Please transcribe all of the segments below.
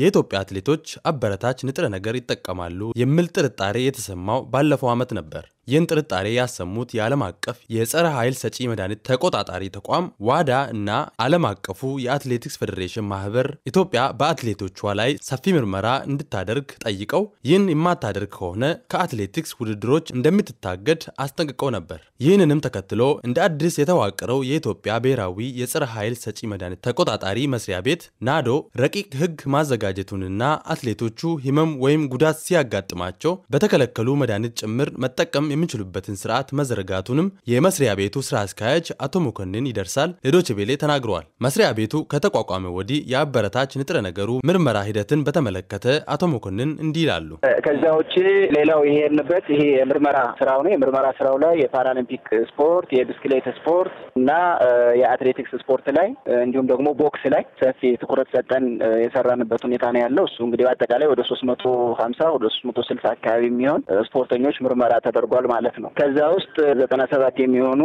የኢትዮጵያ አትሌቶች አበረታች ንጥረ ነገር ይጠቀማሉ የሚል ጥርጣሬ የተሰማው ባለፈው ዓመት ነበር። ይህን ጥርጣሬ ያሰሙት የዓለም አቀፍ የጸረ ኃይል ሰጪ መድኃኒት ተቆጣጣሪ ተቋም ዋዳ እና ዓለም አቀፉ የአትሌቲክስ ፌዴሬሽን ማህበር ኢትዮጵያ በአትሌቶቿ ላይ ሰፊ ምርመራ እንድታደርግ ጠይቀው ይህን የማታደርግ ከሆነ ከአትሌቲክስ ውድድሮች እንደምትታገድ አስጠንቅቀው ነበር። ይህንንም ተከትሎ እንደ አዲስ የተዋቀረው የኢትዮጵያ ብሔራዊ የጸረ ኃይል ሰጪ መድኃኒት ተቆጣጣሪ መስሪያ ቤት ናዶ ረቂቅ ህግ ማዘጋጀቱንና አትሌቶቹ ህመም ወይም ጉዳት ሲያጋጥማቸው በተከለከሉ መድኃኒት ጭምር መጠቀም የሚችሉበትን ስርዓት መዘረጋቱንም የመስሪያ ቤቱ ስራ አስኪያጅ አቶ መኮንን ይደርሳል ለዶች ቤሌ ተናግረዋል። መስሪያ ቤቱ ከተቋቋመ ወዲህ የአበረታች ንጥረ ነገሩ ምርመራ ሂደትን በተመለከተ አቶ መኮንን እንዲህ ይላሉ። ከዛ ውጭ ሌላው ይሄንበት ይሄ የምርመራ ስራው ነው። የምርመራ ስራው ላይ የፓራሊምፒክ ስፖርት፣ የብስክሌት ስፖርት እና የአትሌቲክስ ስፖርት ላይ እንዲሁም ደግሞ ቦክስ ላይ ሰፊ ትኩረት ሰጠን የሰራንበት ሁኔታ ነው ያለው። እሱ እንግዲህ በአጠቃላይ ወደ ሶስት መቶ ሀምሳ ወደ ሶስት መቶ ስልሳ አካባቢ የሚሆን ስፖርተኞች ምርመራ ተደርጓል ተደርጓል ማለት ነው። ከዛ ውስጥ ዘጠና ሰባት የሚሆኑ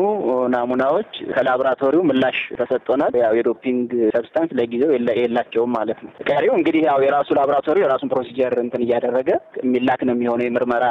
ናሙናዎች ከላቦራቶሪው ምላሽ ተሰጥቶናል። ያው የዶፒንግ ሰብስታንስ ለጊዜው የላቸውም ማለት ነው። ቀሪው እንግዲህ ያው የራሱ ላቦራቶሪ የራሱን ፕሮሲጀር እንትን እያደረገ የሚላክ ነው የሚሆነው የምርመራ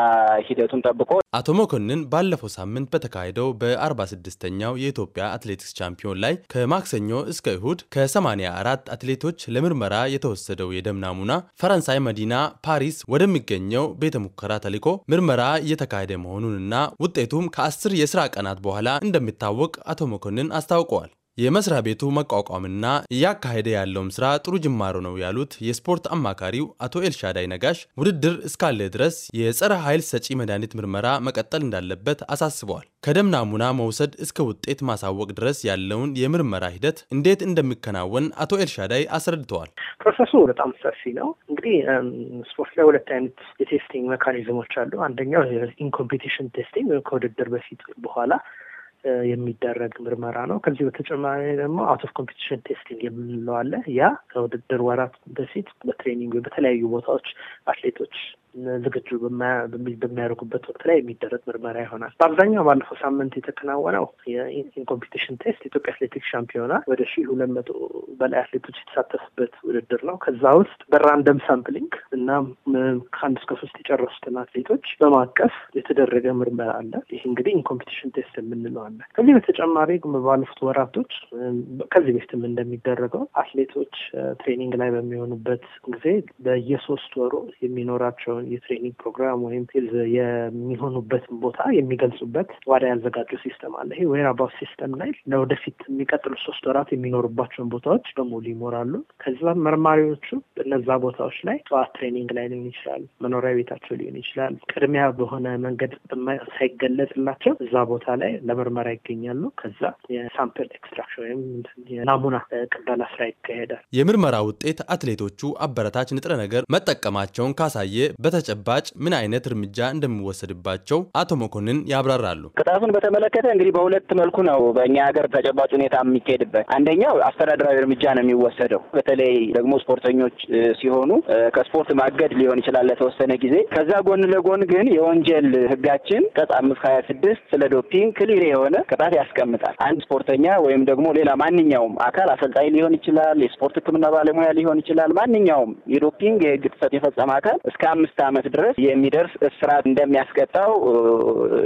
ሂደቱን ጠብቆ አቶ መኮንን ባለፈው ሳምንት በተካሄደው በ46ኛው የኢትዮጵያ አትሌቲክስ ቻምፒዮን ላይ ከማክሰኞ እስከ እሁድ ከ84 አትሌቶች ለምርመራ የተወሰደው የደም ናሙና ፈረንሳይ መዲና ፓሪስ ወደሚገኘው ቤተ ሙከራ ተልኮ ምርመራ እየተካሄደ መሆኑንና ውጤቱም ከ10 የስራ ቀናት በኋላ እንደሚታወቅ አቶ መኮንን አስታውቀዋል። የመስሪያ ቤቱ መቋቋምና እያካሄደ ያለውም ስራ ጥሩ ጅማሮ ነው ያሉት የስፖርት አማካሪው አቶ ኤልሻዳይ ነጋሽ ውድድር እስካለ ድረስ የጸረ ኃይል ሰጪ መድኃኒት ምርመራ መቀጠል እንዳለበት አሳስበዋል። ከደም ናሙና መውሰድ እስከ ውጤት ማሳወቅ ድረስ ያለውን የምርመራ ሂደት እንዴት እንደሚከናወን አቶ ኤልሻዳይ አስረድተዋል። ፕሮሰሱ በጣም ሰፊ ነው። እንግዲህ ስፖርት ላይ ሁለት አይነት የቴስቲንግ ሜካኒዝሞች አሉ። አንደኛው ኢንኮምፒቲሽን ቴስቲንግ ከውድድር በፊት በኋላ የሚደረግ ምርመራ ነው። ከዚህ በተጨማሪ ደግሞ አውት ኦፍ ኮምፒቲሽን ቴስቲንግ የምንለው አለ። ያ ከውድድር ወራት በፊት በትሬኒንግ በተለያዩ ቦታዎች አትሌቶች ዝግጁ በሚያደርጉበት ወቅት ላይ የሚደረግ ምርመራ ይሆናል። በአብዛኛው ባለፈው ሳምንት የተከናወነው የኢንኮምፒቲሽን ቴስት የኢትዮጵያ አትሌቲክስ ሻምፒዮና ወደ ሺህ ሁለት መቶ በላይ አትሌቶች የተሳተፉበት ውድድር ነው። ከዛ ውስጥ በራንደም ሳምፕሊንግ እና ከአንድ እስከ ሶስት የጨረሱትን አትሌቶች በማቀፍ የተደረገ ምርመራ አለ። ይህ እንግዲህ ኢንኮምፒቲሽን ቴስት የምንለው አለ። ከዚህ በተጨማሪ ባለፉት ወራቶች ከዚህ በፊትም እንደሚደረገው አትሌቶች ትሬኒንግ ላይ በሚሆኑበት ጊዜ በየሶስት ወሩ የሚኖራቸው የትሬኒንግ ፕሮግራም ወይም ፊልድ የሚሆኑበትን ቦታ የሚገልጹበት ዋዳ ያዘጋጁ ሲስተም አለ። ይሄ ዌር አባውት ሲስተም ላይ ለወደፊት የሚቀጥሉ ሶስት ወራት የሚኖሩባቸውን ቦታዎች በሙሉ ይሞራሉ። ከዛ መርማሪዎቹ እነዛ ቦታዎች ላይ ጠዋት ትሬኒንግ ላይ ሊሆን ይችላል፣ መኖሪያ ቤታቸው ሊሆን ይችላል። ቅድሚያ በሆነ መንገድ ሳይገለጽላቸው እዛ ቦታ ላይ ለምርመራ ይገኛሉ። ከዛ የሳምፕል ኤክስትራክሽን ወይም የናሙና ቅበላ ስራ ይካሄዳል። የምርመራ ውጤት አትሌቶቹ አበረታች ንጥረ ነገር መጠቀማቸውን ካሳየ በተጨባጭ ምን አይነት እርምጃ እንደሚወሰድባቸው አቶ መኮንን ያብራራሉ። ቅጣቱን በተመለከተ እንግዲህ በሁለት መልኩ ነው በእኛ ሀገር ተጨባጭ ሁኔታ የሚካሄድበት። አንደኛው አስተዳደራዊ እርምጃ ነው የሚወሰደው። በተለይ ደግሞ ስፖርተኞች ሲሆኑ ከስፖርት ማገድ ሊሆን ይችላል ለተወሰነ ጊዜ። ከዛ ጎን ለጎን ግን የወንጀል ህጋችን ቀጽ አምስት ሀያ ስድስት ስለ ዶፒንግ ክሊር የሆነ ቅጣት ያስቀምጣል። አንድ ስፖርተኛ ወይም ደግሞ ሌላ ማንኛውም አካል አሰልጣኝ ሊሆን ይችላል፣ የስፖርት ሕክምና ባለሙያ ሊሆን ይችላል። ማንኛውም የዶፒንግ የህግ ጥሰት የፈጸመ አካል እስከ አምስት ዓመት ድረስ የሚደርስ እስራት እንደሚያስቀጣው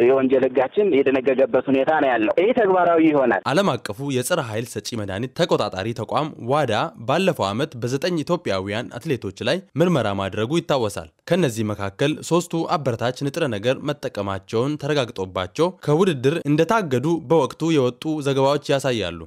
የወንጀል ህጋችን የደነገገበት ሁኔታ ነው ያለው። ይህ ተግባራዊ ይሆናል። ዓለም አቀፉ የጸረ ኃይል ሰጪ መድኃኒት ተቆጣጣሪ ተቋም ዋዳ ባለፈው ዓመት በዘጠኝ ኢትዮጵያውያን አትሌቶች ላይ ምርመራ ማድረጉ ይታወሳል። ከእነዚህ መካከል ሶስቱ አበረታች ንጥረ ነገር መጠቀማቸውን ተረጋግጦባቸው ከውድድር እንደታገዱ በወቅቱ የወጡ ዘገባዎች ያሳያሉ።